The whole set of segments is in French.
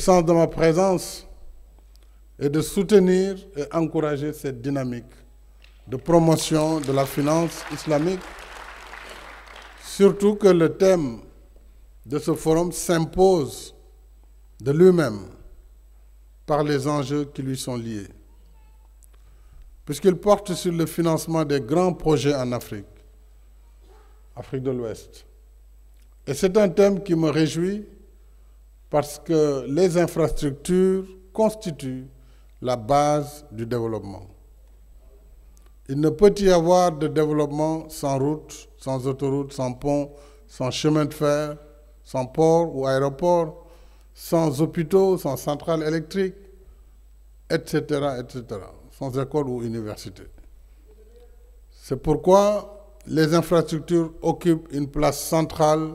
sens de ma présence est de soutenir et encourager cette dynamique de promotion de la finance islamique, surtout que le thème de ce forum s'impose de lui-même par les enjeux qui lui sont liés, puisqu'il porte sur le financement des grands projets en Afrique, Afrique de l'Ouest. Et c'est un thème qui me réjouit parce que les infrastructures constituent la base du développement. Il ne peut y avoir de développement sans route, sans autoroute, sans pont, sans chemin de fer, sans port ou aéroport, sans hôpitaux, sans centrales électriques, etc., etc., sans école ou université. C'est pourquoi les infrastructures occupent une place centrale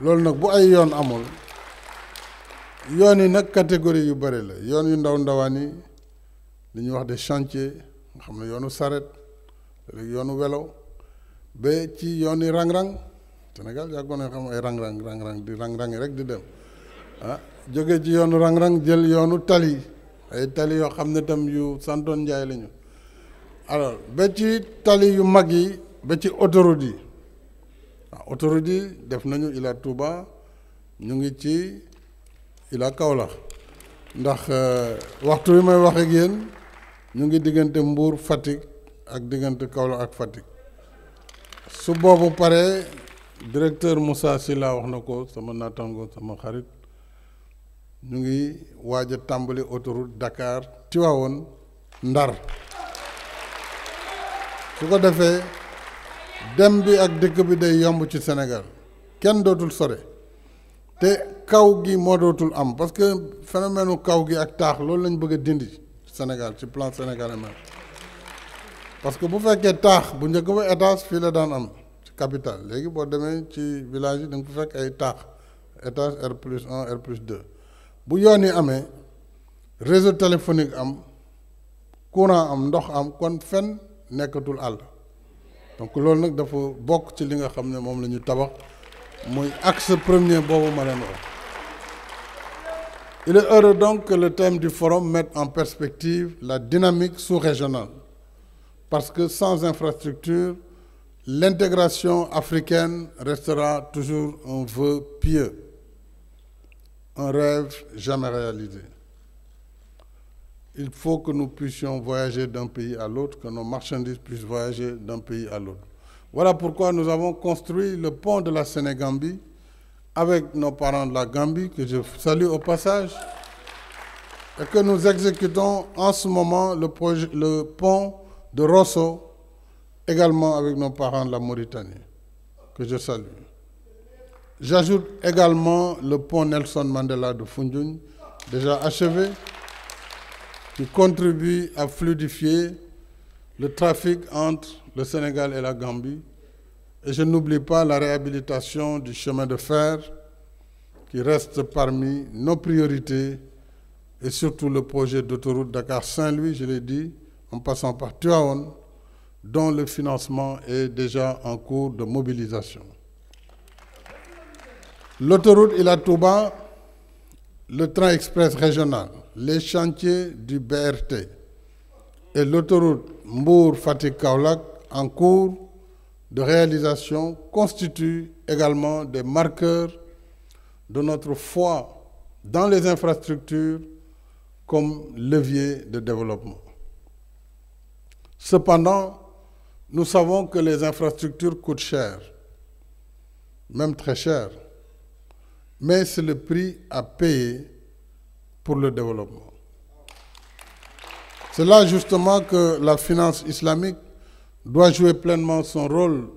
loolu nag bu ay yoon amul yoon yi nag catégorie yu bari la yoon yu ndaw ndawaan yi li ñuy wax des chantiers nga xam ne yoonu saret yoonu welo ba ci yoon yi rang senegal Sénégal yàggoon ne xam ay rang-rang rang-rang di rang rek di dem ah jóge ci yoonu rang jël yoonu tali ay tali yoo xam ne tam yu santoon njaay lañu ñu alors ba ci tali yu mag yi ba ci autoroute yi autorité def nañu ila touba ñu ngi ci ila kaola ndax euh, waxtu bi may wax ak yeen ñu ngi digënté mbour fatik ak digënté kaola ak fatik su bobu paré directeur Moussa Sila wax na ko sama natango sama xarit ñu ngi waja tambali autoroute Dakar tiwawon ndar su ko defee dem bi ak dëkk bi day yomb ci Sénégal kenn dootul sore te kaw gi moo dootul am parce que phénomène kaw gi ak taax loolu lañ bëgg a dindi Sénégal ci plan sénégalais même parce que bu fekkee taax bu njëkk ba étage fii la daan am ci capital léegi boo demee ci village yi da nga fa fekk ay taax étage R plus un R plus deux bu yoon yi amee réseau téléphonique am courant am ndox am kon fenn nekkatul àll donc premier il est heureux donc que le thème du forum mette en perspective la dynamique sous-régionale parce que sans infrastructure l'intégration africaine restera toujours un vœu pieux un rêve jamais réalisé il faut que nous puissions voyager d'un pays à l'autre, que nos marchandises puissent voyager d'un pays à l'autre. Voilà pourquoi nous avons construit le pont de la Sénégambie avec nos parents de la Gambie, que je salue au passage, et que nous exécutons en ce moment le, pont de Rosso, également avec nos parents de la Mauritanie, que je salue. J'ajoute également le pont Nelson Mandela de Fundjoun, déjà achevé qui contribue à fluidifier le trafic entre le Sénégal et la Gambie. Et je n'oublie pas la réhabilitation du chemin de fer qui reste parmi nos priorités et surtout le projet d'autoroute Dakar-Saint-Louis, je l'ai dit, en passant par Tuaon, dont le financement est déjà en cours de mobilisation. L'autoroute Ilatouba, le train express régional, les chantiers du BRT et l'autoroute mbour en cours de réalisation constituent également des marqueurs de notre foi dans les infrastructures comme levier de développement. Cependant, nous savons que les infrastructures coûtent cher, même très cher, mais c'est le prix à payer pour le développement. C'est là justement que la finance islamique doit jouer pleinement son rôle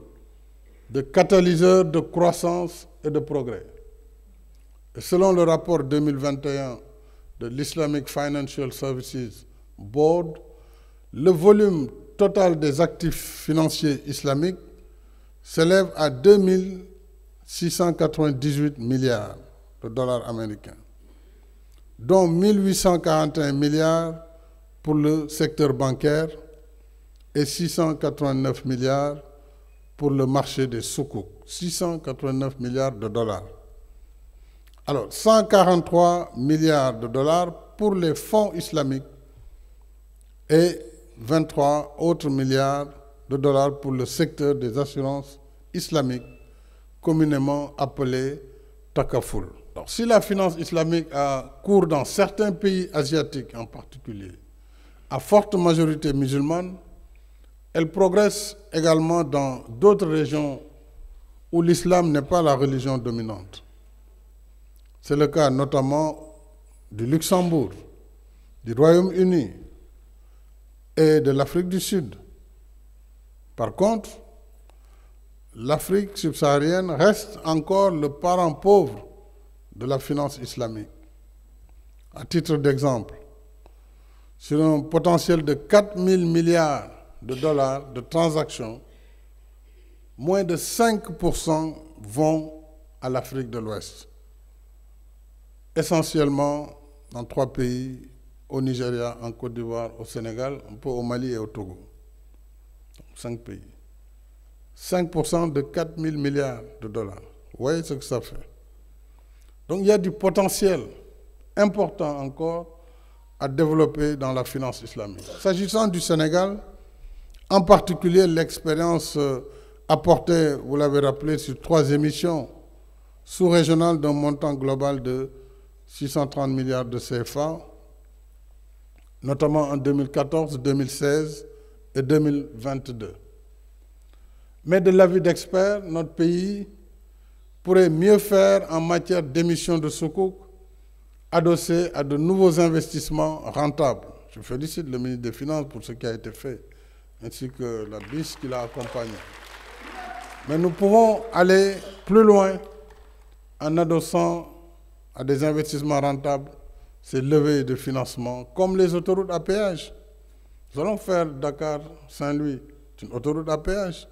de catalyseur de croissance et de progrès. selon le rapport 2021 de l'Islamic Financial Services Board, le volume total des actifs financiers islamiques s'élève à 2698 milliards de dollars américains dont 1841 milliards pour le secteur bancaire et 689 milliards pour le marché des soukouks. 689 milliards de dollars. Alors, 143 milliards de dollars pour les fonds islamiques et 23 autres milliards de dollars pour le secteur des assurances islamiques, communément appelé takaful » si la finance islamique a cours dans certains pays asiatiques en particulier, à forte majorité musulmane, elle progresse également dans d'autres régions où l'islam n'est pas la religion dominante. C'est le cas notamment du Luxembourg, du Royaume-Uni et de l'Afrique du Sud. Par contre, l'Afrique subsaharienne reste encore le parent pauvre de la finance islamique. À titre d'exemple, sur un potentiel de 4 000 milliards de dollars de transactions, moins de 5% vont à l'Afrique de l'Ouest, essentiellement dans trois pays, au Nigeria, en Côte d'Ivoire, au Sénégal, un peu au Mali et au Togo. cinq pays. 5% de 4 000 milliards de dollars. Vous voyez ce que ça fait. Donc il y a du potentiel important encore à développer dans la finance islamique. S'agissant du Sénégal, en particulier l'expérience euh, apportée, vous l'avez rappelé, sur trois émissions sous-régionales d'un montant global de 630 milliards de CFA, notamment en 2014, 2016 et 2022. Mais de l'avis d'experts, notre pays pourrait mieux faire en matière d'émissions de soukouk, adossées à de nouveaux investissements rentables. Je félicite le ministre des Finances pour ce qui a été fait, ainsi que la BIS qui l'a accompagné. Mais nous pouvons aller plus loin en adossant à des investissements rentables ces levées de financement, comme les autoroutes à péage. Nous allons faire Dakar-Saint-Louis une autoroute à péage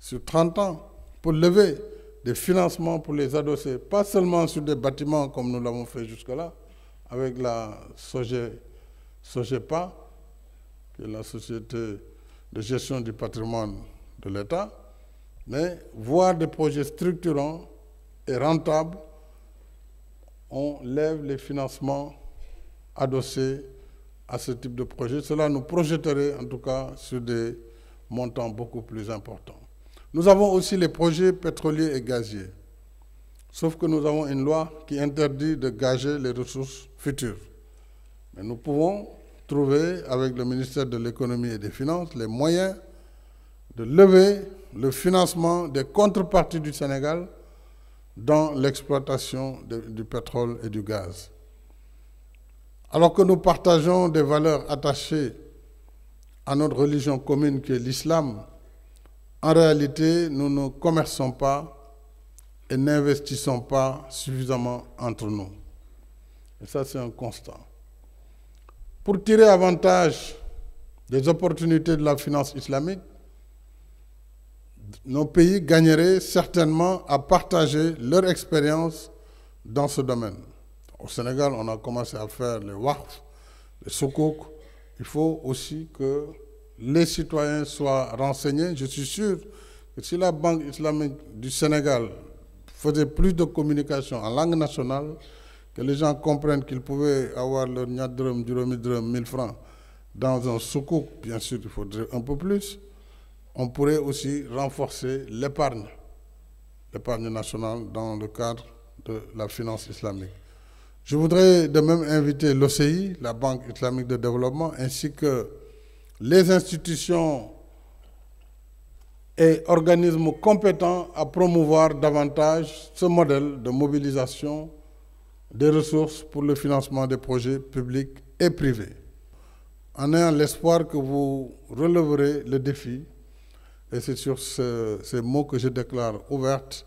sur 30 ans pour lever des financements pour les adosser, pas seulement sur des bâtiments comme nous l'avons fait jusque-là, avec la SOGEPA, qui est la Société de gestion du patrimoine de l'État, mais voir des projets structurants et rentables, on lève les financements adossés à ce type de projet. Cela nous projetterait en tout cas sur des montants beaucoup plus importants. Nous avons aussi les projets pétroliers et gaziers. Sauf que nous avons une loi qui interdit de gager les ressources futures. Mais nous pouvons trouver, avec le ministère de l'économie et des finances, les moyens de lever le financement des contreparties du Sénégal dans l'exploitation du pétrole et du gaz. Alors que nous partageons des valeurs attachées à notre religion commune qui est l'islam, en réalité, nous ne commerçons pas et n'investissons pas suffisamment entre nous. Et ça, c'est un constat. Pour tirer avantage des opportunités de la finance islamique, nos pays gagneraient certainement à partager leur expérience dans ce domaine. Au Sénégal, on a commencé à faire les WAF, les soukouk. Il faut aussi que les citoyens soient renseignés. Je suis sûr que si la Banque islamique du Sénégal faisait plus de communication en langue nationale, que les gens comprennent qu'ils pouvaient avoir leur niadrum, duromi drum, 1000 francs dans un soukouk, bien sûr, il faudrait un peu plus. On pourrait aussi renforcer l'épargne, l'épargne nationale dans le cadre de la finance islamique. Je voudrais de même inviter l'OCI, la Banque islamique de développement, ainsi que les institutions et organismes compétents à promouvoir davantage ce modèle de mobilisation des ressources pour le financement des projets publics et privés, en ayant l'espoir que vous releverez le défi. Et c'est sur ces mots que je déclare ouverte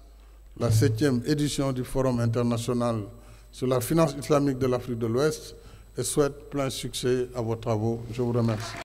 la septième édition du Forum international sur la finance islamique de l'Afrique de l'Ouest et souhaite plein succès à vos travaux. Je vous remercie.